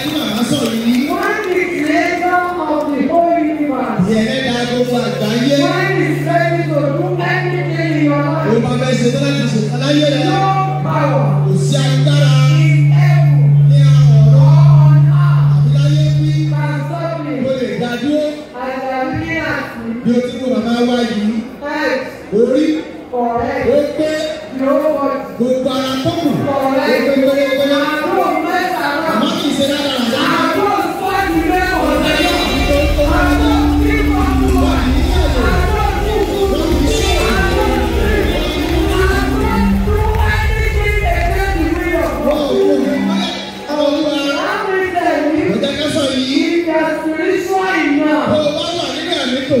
One is creator of the whole universe. One is ready to do anything in your life. No power. In heaven. On earth. Can stop me. As I'm looking at you. Head. Forehead. Nobody. Gbogbo ara tó kù.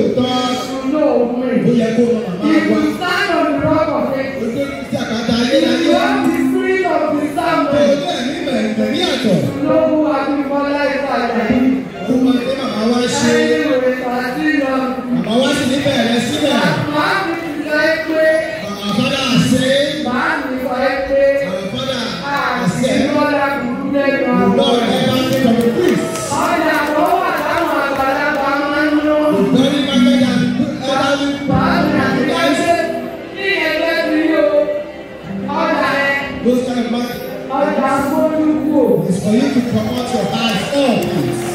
ó yẹ kó lọ màmá wa. Ojú ní sàkátà ayé ayé. Ojú ẹ̀mí mẹ̀mí àtọ̀. Those kind of It's for you to promote your eyes oh, up.